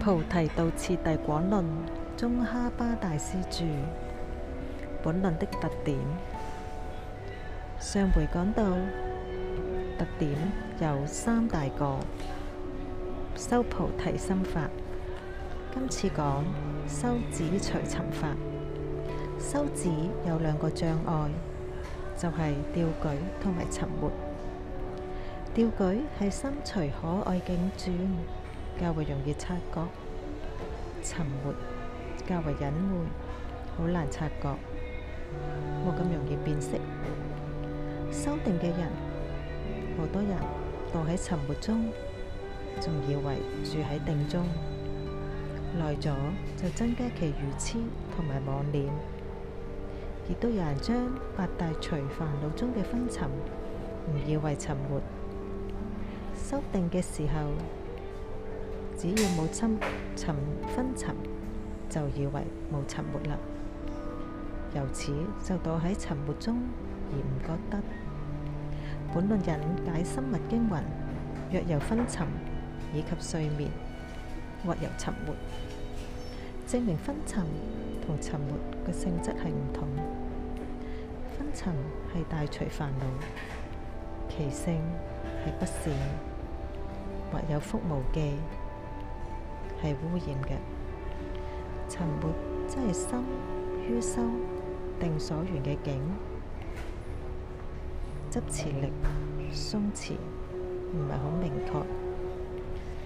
菩提道次第廣論，宗喀巴大師著。本論的特點，上回講到，特點有三大個：修菩提心法，今次講修止除沉法。修止有兩個障礙，就係、是、掉舉同埋沉沒。掉舉係心隨可愛境轉。較為容易察覺沉沒，較為隱晦，好難察覺，冇咁容易辨識。修定嘅人，好多人躲喺沉沒中，仲以為住喺定中，耐咗就增加其愚痴同埋妄念。亦都有人將八大除煩惱中嘅昏沉，唔以為沉沒，修定嘅時候。只要冇沉沉昏沉，就以為冇沉沒啦。由此就墮喺沉沒中而唔覺得。本論引解深密經云：若由昏沉以及睡眠或由沉沒，證明昏沉同沉沒嘅性質係唔同。昏沉係大隨煩惱，其性係不善，或有覆無記。係污染嘅。沉沒，即係心於心定所緣嘅境，執持力鬆弛，唔係好明確。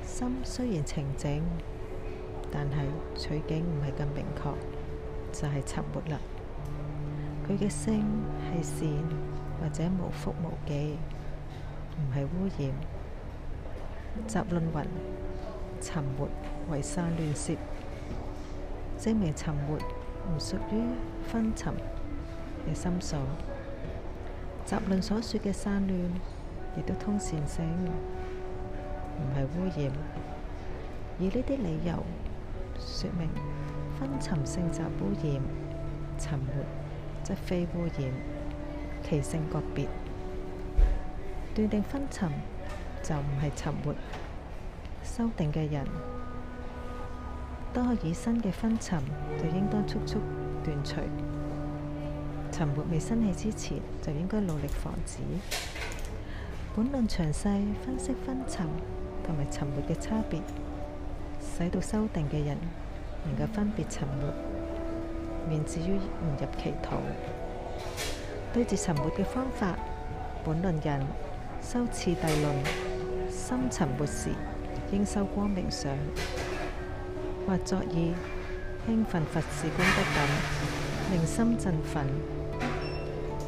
心雖然澄靜，但係取景唔係咁明確，就係、是、沉沒啦。佢嘅聲係善或者無覆無記，唔係污染。集論云。沉沒為散亂說，證明沉沒唔屬於分沉嘅心所。集論所說嘅散亂亦都通善性，唔係污染。以呢啲理由說明，分沉性即污染，沉沒則非污染，其性各別，斷定分沉就唔係沉沒。修定嘅人都可以新嘅分沉，就應當速速斷除；沉沒未升起之前，就應該努力防止。本論詳細分析分沉同埋沉沒嘅差別，使到修定嘅人能夠分別沉沒，免至於誤入歧途。對住沉沒嘅方法，本論人修次第論深沉沒時。應修光明相，或作意興奮佛事功德等，令心振奮。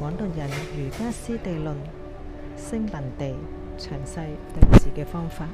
廣東人瑜伽師地論，聲聞地詳細對治嘅方法。